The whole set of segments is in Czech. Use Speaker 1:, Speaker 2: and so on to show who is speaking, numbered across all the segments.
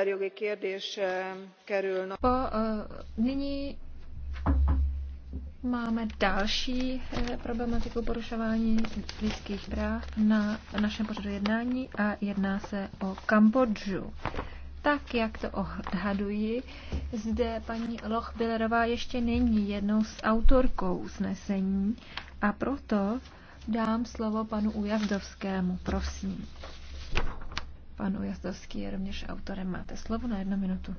Speaker 1: emberjogi kérdés kerül. Po, eh, nyní máme další eh, problematiku porušování lidských práv na našem pořadu jednání a jedná se o Kambodžu. Tak, jak to odhaduji, zde paní Lochbillerová ještě není jednou s autorkou usnesení a proto dám slovo panu Ujazdovskému, prosím. Pan Ujazdowski je rovněž autorem. Máte slovo na jednu minutu.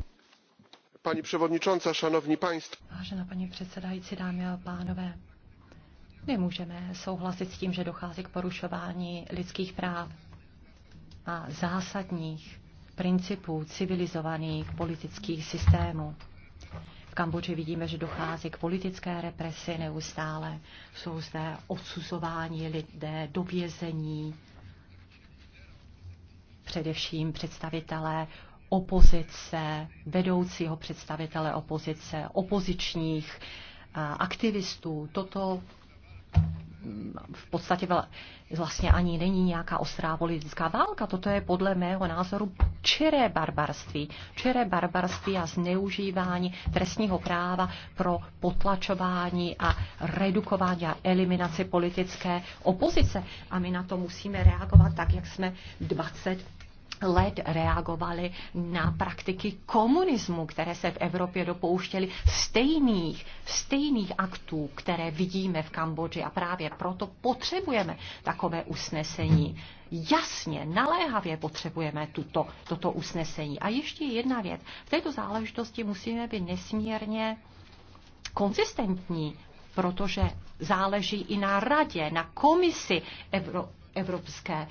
Speaker 2: Pani przewodnicząca, szanowni państwo.
Speaker 1: Vážená paní předsedající,
Speaker 3: dámy a pánové. Nemůžeme souhlasit s tím, že dochází k porušování lidských práv a zásadních principů civilizovaných politických systémů. V Kambodži vidíme, že dochází k politické represi neustále. Jsou zde odsuzování lidé do vězení, především představitelé opozice, vedoucího představitele opozice, opozičních aktivistů. Toto mm, v podstatě vlastně ani není nějaká ostrá politická válka. Toto je podle mého názoru čiré barbarství. Čiré barbarství a zneužívání trestního práva pro potlačování a redukování a eliminaci politické opozice. A my na to musíme reagovat tak, jak jsme 20 let reagovali na praktiky komunismu, které se v Evropě dopouštěly stejných, stejných aktů, které vidíme v Kambodži a právě proto potřebujeme takové usnesení. Jasně, naléhavě potřebujeme tuto, toto usnesení. A ještě jedna věc. V této záležitosti musíme být nesmírně konzistentní, protože záleží i na radě, na komisi Evropy evropské.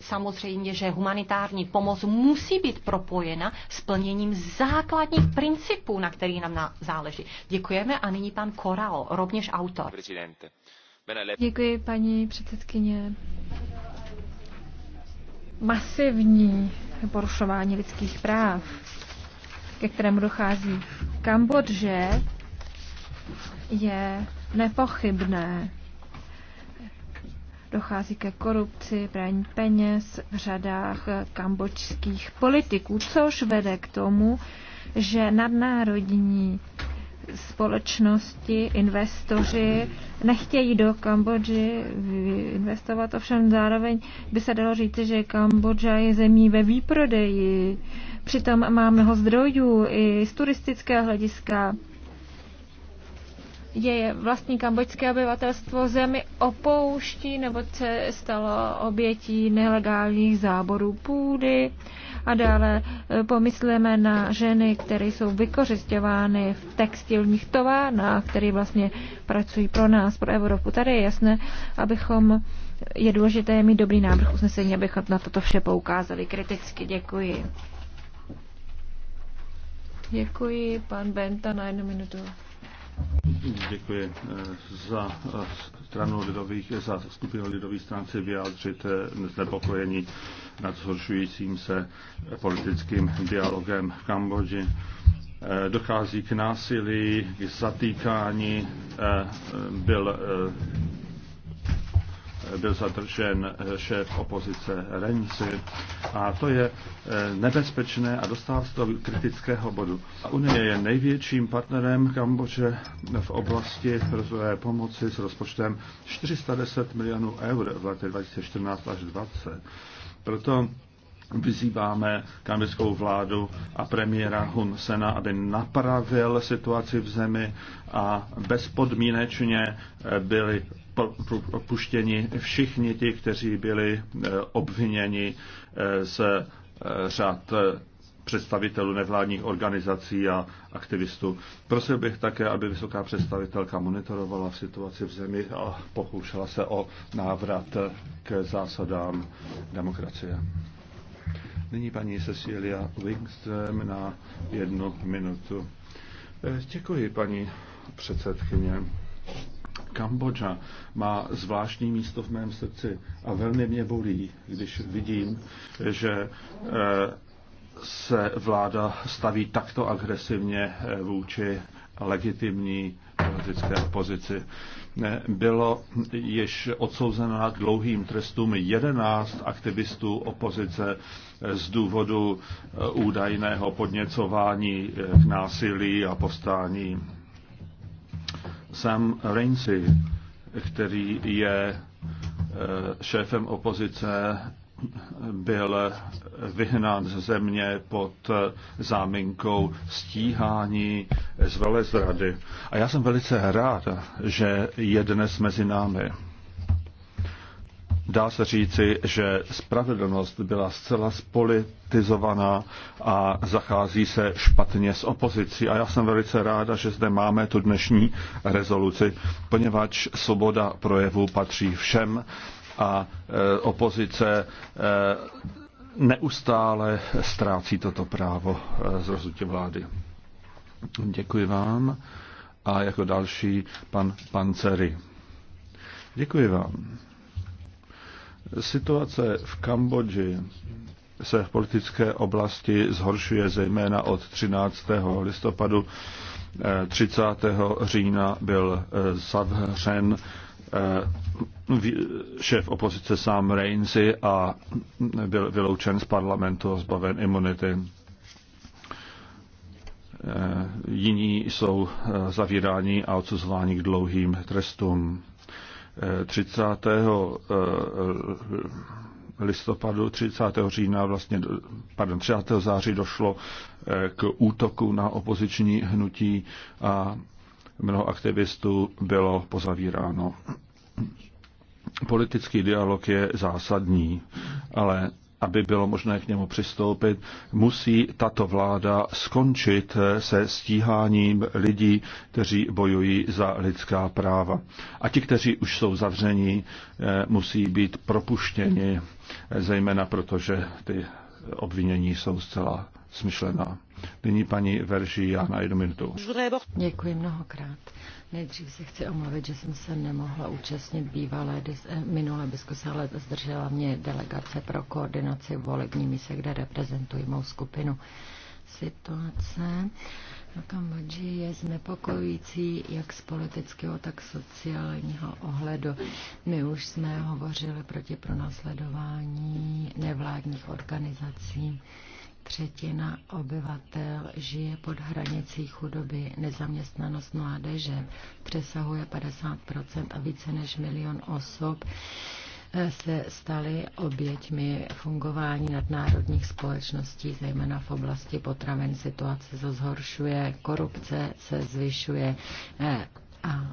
Speaker 3: samozřejmě, že humanitární pomoc musí být propojena s plněním základních principů, na který nám na záleží. Děkujeme a nyní pan
Speaker 1: Korao, rovněž autor. Děkuji, paní předsedkyně. Masivní porušování lidských práv, ke kterému dochází v Kambodži, je nepochybné dochází ke korupci, praní peněz v řadách eh, kambočských politiků, což vede k tomu, že nadnárodní společnosti, investoři nechtějí do Kambodži investovat, ovšem zároveň by se dalo říci, že Kambodža je zemí ve výprodeji. Přitom má mnoho zdrojů i z turistického hlediska je Vlastní kambočské obyvatelstvo zemi opouští nebo se stalo obětí nelegálních záborů půdy a dále e, pomysleme na ženy, které jsou vykořišťovány v textilních továrnách, které vlastně pracují pro nás, pro Evropu. Tady je jasné, abychom je důležité mít dobrý návrh usnesení, abychom na toto vše poukázali kriticky. Děkuji. Děkuji, pan Benta, na jednu minutu.
Speaker 4: Děkuji eh, za eh, stranu lidových, za skupinu lidových stran si vyjádřit eh, znepokojení nad zhoršujícím se politickým dialogem v Kambodži. Dochází k násilí, k zatýkání, byl byl zadržen eh, šéf opozice Renzi. A to je eh, nebezpečné a dostává se do kritického bodu. Unie je největším partnerem Kambože v oblasti rozvojové pomoci s rozpočtem 410 milionů eur v letech 2014 až 2020. Proto vyzýváme kambodžskou vládu a premiéra Hun Sena, aby napravil situaci v zemi a bezpodmínečně eh, byli opuštěni všichni ti, kteří byli eh, obviněni eh, z eh, řad představitelů nevládních organizací a aktivistů. Prosil bych také, aby vysoká představitelka monitorovala situaci v zemi a pokoušela se o návrat k zásadám demokracie. Nyní paní Cecilia Wingström na jednu minutu. Děkuji, paní předsedkyně. Kambodža má zvláštní místo v mém srdci a velmi mě bolí, když vidím, že eh, se vláda staví takto agresivně eh, vůči legitimní politické opozici. Eh, bylo již odsouzeno na dlouhým trestům 11 aktivistů opozice z důvodu údajného podněcování k násilí a povstání Sam Rainsy, který je eh, šéfem opozice, byl vyhnán ze země pod eh, záminkou stíhání z velezrady. A já jsem velice rád, že je dnes mezi námi. Dá se říci, že spravedlnost byla zcela spolitizovaná a zachází se špatně s opozicí. A já jsem velice ráda, že zde máme tu dnešní rezoluci, poněvadž svoboda projevu patří všem a e, opozice e, neustále ztrácí toto právo z e, rozhodnutí vlády. Děkuji vám. A jako další pan Pancery. Děkuji vám. Situace v Kambodži se v politické oblasti zhoršuje zejména od 13. listopadu. 30. října byl eh, zavřen eh, šéf opozice sám Reinsi a byl vyloučen z parlamentu a zbaven imunity. Eh, jiní jsou zavíráni a odsuzováni k dlouhým trestům. 30. Eh, listopadu, 30. října, vlastně, pardon, 30. září došlo eh, k útoku na opoziční hnutí a mnoho aktivistů bylo pozavíráno. Politický dialog je zásadní, ale aby bylo možné k němu přistoupit, musí tato vláda skončit se stíháním lidí, kteří bojují za lidská práva. A ti, kteří už jsou zavření, eh, musí být propuštěni, eh, zejména protože ty obvinění jsou zcela smyšlená. Nyní paní Verži, já na jednu minutu.
Speaker 5: Děkuji mnohokrát. Nejdřív se chci omluvit, že jsem se nemohla účastnit bývalé eh, minulé diskuse, ale zdržela mě delegace pro koordinaci volební mise, kde reprezentuji mou skupinu. Situace na Kambodži je znepokojující jak z politického, tak sociálního ohledu. My už jsme hovořili proti pronásledování nevládních organizací Třetina obyvatel žije pod hranicí chudoby. Nezaměstnanost mládeže přesahuje 50 a více než milion osob se staly oběťmi fungování nadnárodních společností, zejména v oblasti potraven. Situace se zhoršuje, korupce se zvyšuje eh, a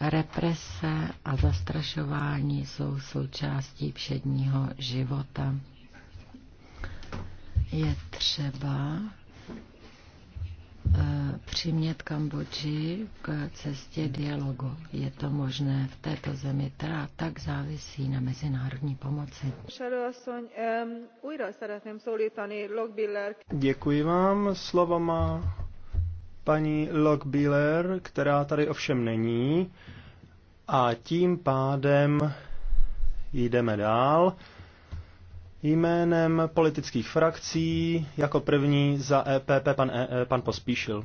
Speaker 5: represe a zastrašování jsou součástí všedního života je třeba eh, přimět Kambodži k cestě dialogu. Je to možné v této zemi, která tak závisí
Speaker 6: na mezinárodní pomoci. Děkuji vám. Slovo má paní Lockbiller, která tady ovšem není. A tím pádem jdeme dál. Jménem politických frakcí jako první za EPP pan, e, e, pan Pospíšil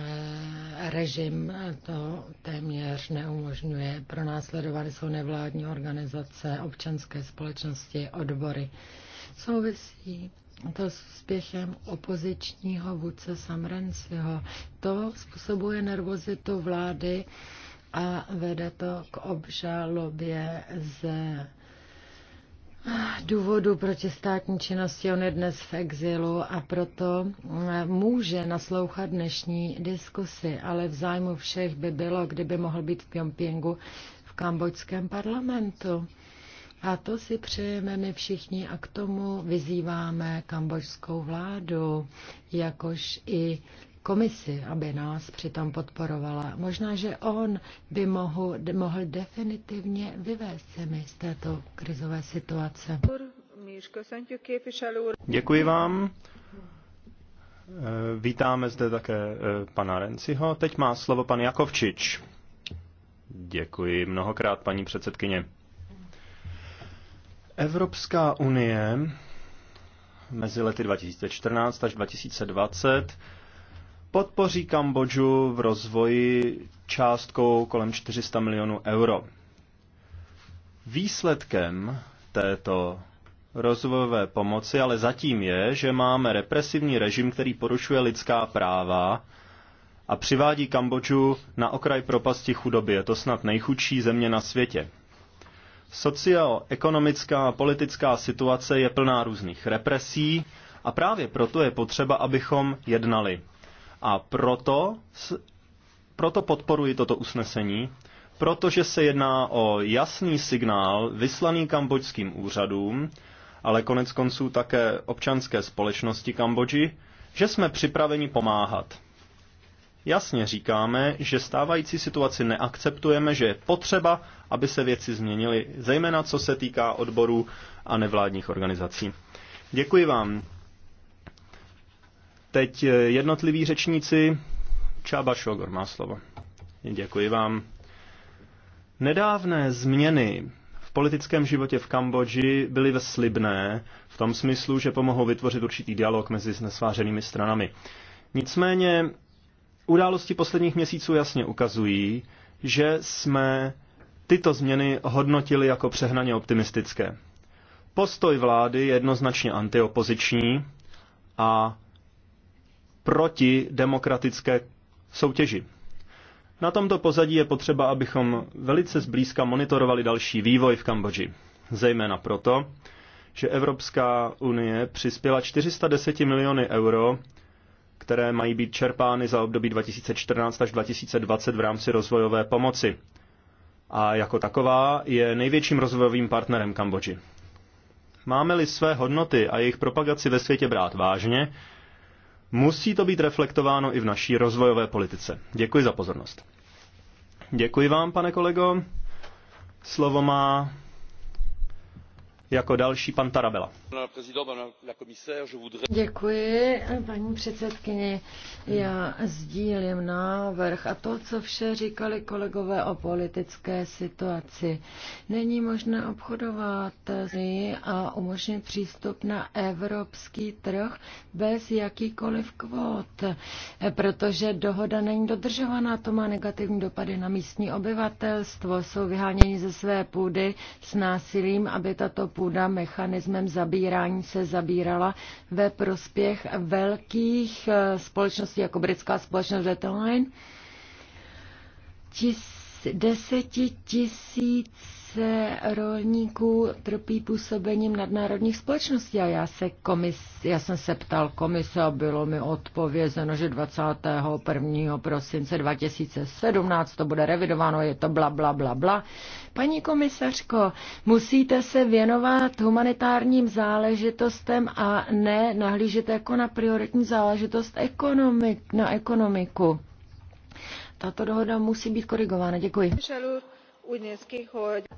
Speaker 5: Eh, režim to téměř neumožňuje. Pro následovány jsou nevládní organizace, občanské společnosti, odbory. Souvisí to s úspěchem opozičního vůdce Samrensiho. To způsobuje nervozitu vlády a vede to k obžalobě ze důvodu státní činnosti on je dnes v exilu a proto eh, může naslouchat dnešní diskusi, ale v zájmu všech by bylo, kdyby mohl být v Pjongjingu v kambodžském parlamentu. A to si přejeme my všichni a k tomu vyzýváme kambožskou vládu, jakož i komisi, aby nás přitom podporovala. Možná, že on by mohl, mohl definitivně vyvést mi z této krizové situace.
Speaker 1: Děkuji vám.
Speaker 6: Eh, vítáme zde také eh, pana Renciho. Teď má slovo pan Jakovčič. Děkuji mnohokrát, paní předsedkyně. Evropská unie mezi lety 2014 až 2020 podpoří Kambodžu v rozvoji částkou kolem 400 milionů euro. Výsledkem této rozvojové pomoci ale zatím je, že máme represivní režim, který porušuje lidská práva a přivádí Kambodžu na okraj propasti chudoby. Je to snad nejchudší země na světě. Socioekonomická a politická situace je plná různých represí a právě proto je potřeba, abychom jednali. A proto, proto podporuji toto usnesení, protože se jedná o jasný signál vyslaný kambodžským úřadům, ale konec konců také občanské společnosti Kambodži, že jsme připraveni pomáhat. Jasně říkáme, že stávající situaci neakceptujeme, že je potřeba, aby se věci změnily, zejména co se týká odborů a nevládních organizací. Děkuji vám. Teď jednotliví řečníci. Čába Šogor má slovo. Děkuji vám. Nedávné změny v politickém životě v Kambodži byly veslibné v tom smyslu, že pomohou vytvořit určitý dialog mezi nesvářenými stranami. Nicméně události posledních měsíců jasně ukazují, že jsme tyto změny hodnotili jako přehnaně optimistické. Postoj vlády je jednoznačně antiopoziční a proti demokratické soutěži. Na tomto pozadí je potřeba, abychom velice zblízka monitorovali další vývoj v Kambodži. Zejména proto, že Evropská unie přispěla 410 miliony euro, které mají být čerpány za období 2014 až 2020 v rámci rozvojové pomoci. A jako taková je největším rozvojovým partnerem Kambodži. Máme-li své hodnoty a jejich propagaci ve světě brát vážně, Musí to být reflektováno i v naší rozvojové politice. Děkuji za pozornost. Děkuji vám, pane kolego. Slovo má jako další pan Tarabela.
Speaker 7: Děkuji,
Speaker 4: paní
Speaker 5: předsedkyně. Já sdílím návrh a to, co vše říkali kolegové o politické situaci. Není možné obchodovat a umožnit přístup na evropský trh bez jakýkoliv kvót, protože dohoda není dodržovaná. To má negativní dopady na místní obyvatelstvo. Jsou vyháněni ze své půdy s násilím, aby tato půda mechanismem zabírání se zabírala ve prospěch velkých eh, společností, jako britská společnost Zetline. Tis, deseti tisíc se rolníků trpí působením nadnárodních společností a já, se komis, já jsem se ptal komise a bylo mi odpovězeno, že 21. prosince 2017 to bude revidováno, je to bla, bla, bla, bla. Paní komisařko, musíte se věnovat humanitárním záležitostem a ne nahlížet jako na prioritní záležitost ekonomik, na ekonomiku. Tato dohoda musí být korigována. Děkuji.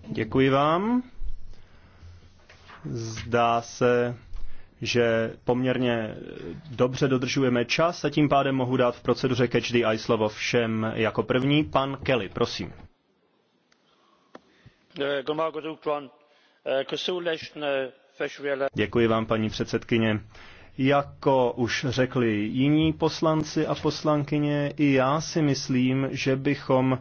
Speaker 6: Děkuji vám. Zdá se, že poměrně dobře dodržujeme čas a tím pádem mohu dát v proceduře Catch the Eye slovo všem jako první. Pan Kelly, prosím. Děkuji vám, paní předsedkyně. Jako už řekli jiní poslanci a poslankyně, i já si myslím, že bychom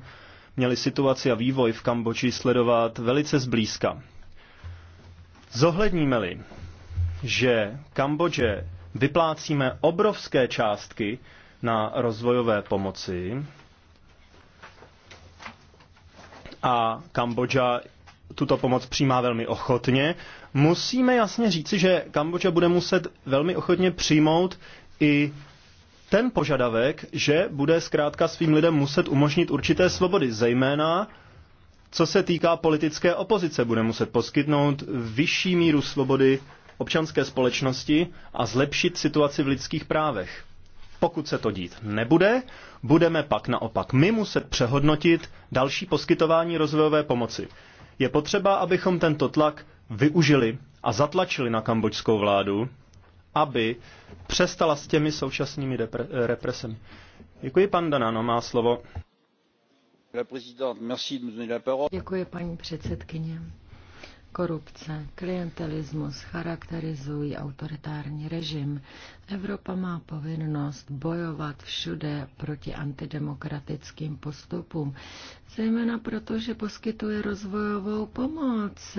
Speaker 6: měli situaci a vývoj v Kambodži sledovat velice zblízka. Zohledníme-li, že Kambodže vyplácíme obrovské částky na rozvojové pomoci a Kambodža tuto pomoc přijímá velmi ochotně, musíme jasně říci, že Kambodža bude muset velmi ochotně přijmout i ten požadavek, že bude zkrátka svým lidem muset umožnit určité svobody, zejména co se týká politické opozice, bude muset poskytnout vyšší míru svobody občanské společnosti a zlepšit situaci v lidských právech. Pokud se to dít nebude, budeme pak naopak my muset přehodnotit další poskytování rozvojové pomoci. Je potřeba, abychom tento tlak využili a zatlačili na kambočskou vládu, aby přestala s těmi současnými represemi. Děkuji, pan Danano má slovo.
Speaker 5: Děkuji, paní předsedkyně. Korupce, klientelismus charakterizují autoritární režim. Evropa má povinnost bojovat všude proti antidemokratickým postupům, zejména proto, že poskytuje rozvojovou pomoc.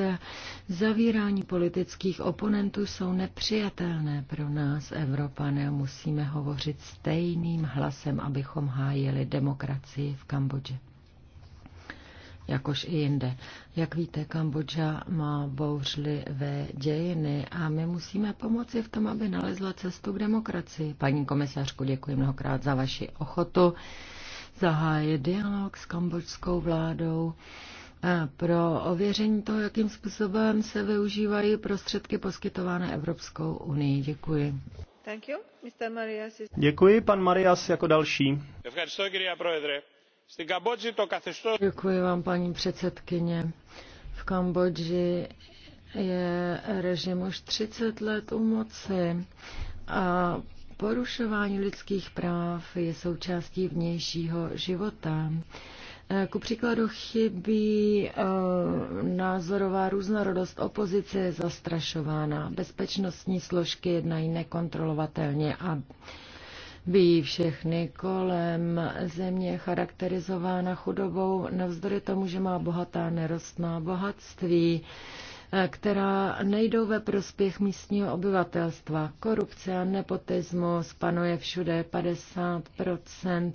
Speaker 5: Zavírání politických oponentů jsou nepřijatelné pro nás, Evropané. Musíme hovořit stejným hlasem, abychom hájili demokracii v Kambodži jakož i jinde. Jak víte, Kambodža má bouřlivé dějiny a my musíme pomoci v tom, aby nalezla cestu k demokracii. Paní komisařku, děkuji mnohokrát za vaši ochotu zahájit dialog s kambodžskou vládou eh, pro ověření toho, jakým způsobem se využívají prostředky poskytované Evropskou unii. Děkuji.
Speaker 6: Děkuji, pan Marias jako další.
Speaker 5: Děkuji vám, paní předsedkyně. V Kambodži je režim už 30 let u moci a porušování lidských práv je součástí vnějšího života. Ku příkladu chybí eh, názorová různorodost opozice je zastrašována, bezpečnostní složky jednají nekontrolovatelně a Býjí všechny kolem země charakterizována chudobou, navzdory tomu, že má bohatá nerostná bohatství, eh, která nejdou ve prospěch místního obyvatelstva. Korupce a nepotismus panuje všude 50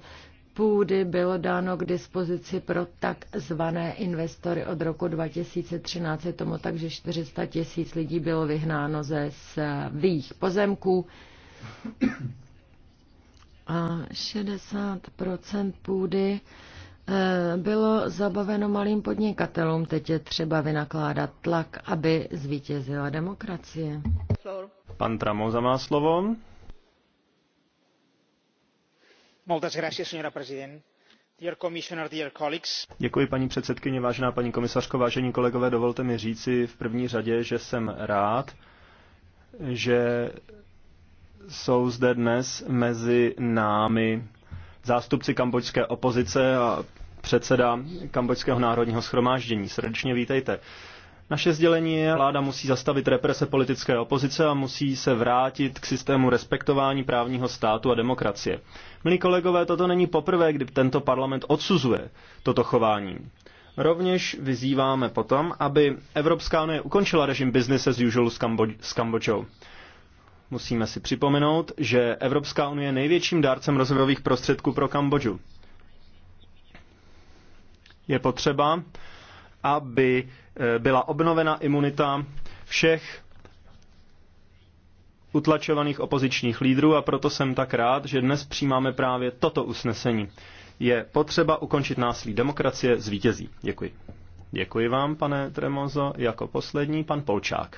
Speaker 5: půdy bylo dáno k dispozici pro takzvané investory od roku 2013. Je tomu tak, že 400 tisíc lidí bylo vyhnáno ze svých pozemků. A 60% půdy eh, bylo zabaveno malým podnikatelům. Teď je třeba vynakládat tlak, aby zvítězila demokracie.
Speaker 6: Pan za má slovo. Děkuji paní předsedkyně, vážená paní komisařko, vážení kolegové, dovolte mi říci v první řadě, že jsem rád, že jsou zde dnes mezi námi zástupci kambočské opozice a předseda kambočského národního schromáždění. Srdečně vítejte. Naše sdělení je, vláda musí zastavit represe politické opozice a musí se vrátit k systému respektování právního státu a demokracie. Milí kolegové, toto není poprvé, kdy tento parlament odsuzuje toto chování. Rovněž vyzýváme potom, aby Evropská unie ukončila režim business as usual s, Kambo- s Kambočou. Musíme si připomenout, že Evropská unie je největším dárcem rozvojových prostředků pro Kambodžu. Je potřeba, aby eh, byla obnovena imunita všech utlačovaných opozičních lídrů a proto jsem tak rád, že dnes přijímáme právě toto usnesení. Je potřeba ukončit násilí demokracie zvítězí. Děkuji. Děkuji vám, pane Tremozo. Jako poslední pan Polčák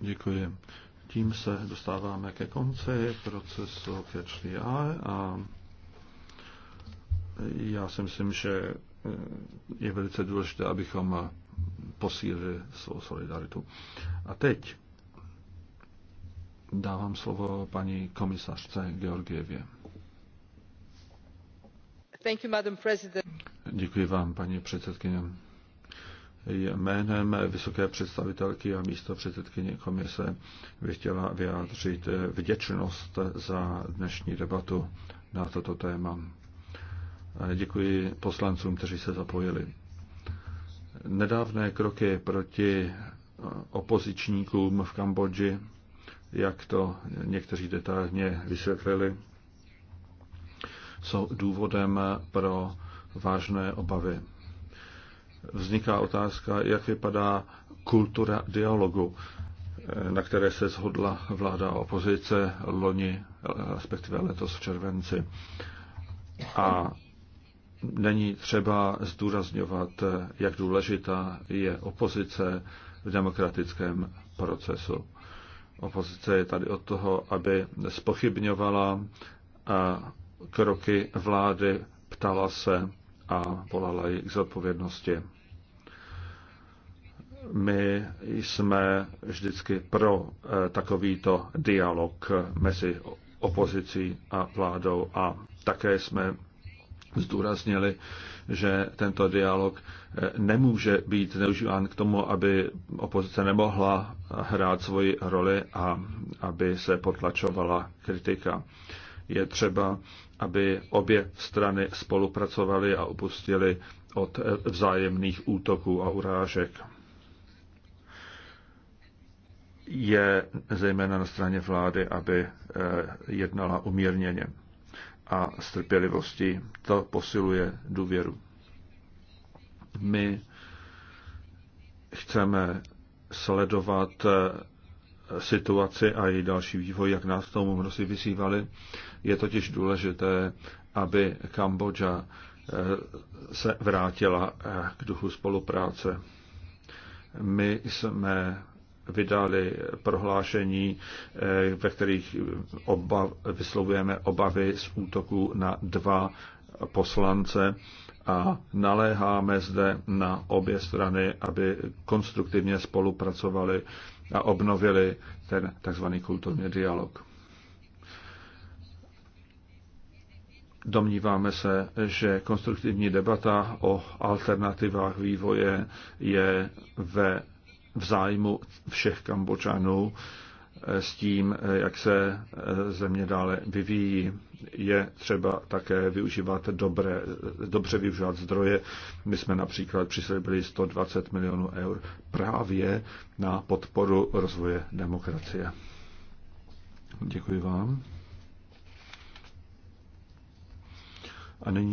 Speaker 4: Děkuji. Tím se dostáváme ke konci procesu Catch the a já si myslím, že eh, je velice důležité, abychom posílili svou solidaritu. A teď dávám slovo paní komisařce Georgievě.
Speaker 1: Thank you, Madam President.
Speaker 4: Děkuji vám, paní předsedkyně. Jménem vysoké představitelky a místo předsedkyně komise bych chtěla vyjádřit vděčnost za dnešní debatu na toto téma. Děkuji poslancům, kteří se zapojili. Nedávné kroky proti opozičníkům v Kambodži, jak to někteří detailně vysvětlili, jsou důvodem pro vážné obavy. Vzniká otázka, jak vypadá kultura dialogu, na které se shodla vláda a opozice loni, respektive letos v červenci. A není třeba zdůrazňovat, jak důležitá je opozice v demokratickém procesu. Opozice je tady od toho, aby spochybňovala kroky vlády, ptala se a volala ji k zodpovědnosti. My jsme vždycky pro eh, takovýto dialog mezi opozicí a vládou a také jsme zdůraznili, že tento dialog eh, nemůže být neužíván k tomu, aby opozice nemohla hrát svoji roli a aby se potlačovala kritika. Je třeba aby obě strany spolupracovaly a upustily od vzájemných útoků a urážek. Je zejména na straně vlády, aby eh, jednala umírněně a s trpělivostí. To posiluje důvěru. My chceme sledovat eh, situaci a její další vývoj, jak nás tomu mnozí vyzývali. Je totiž důležité, aby Kambodža eh, se vrátila eh, k duchu spolupráce. My jsme vydali prohlášení, eh, ve kterých obav, vyslovujeme obavy z útoku na dva poslance a naléháme zde na obě strany, aby konstruktivně spolupracovali a obnovili ten takzvaný kulturní dialog. Domníváme se, že konstruktivní debata o alternativách vývoje je ve v zájmu všech Kambočanů eh, s tím, eh, jak se eh, země dále vyvíjí. Je třeba také využívat dobré, dobře využívat zdroje. My jsme například přislíbili 120 milionů eur právě na podporu rozvoje demokracie. Děkuji vám. A není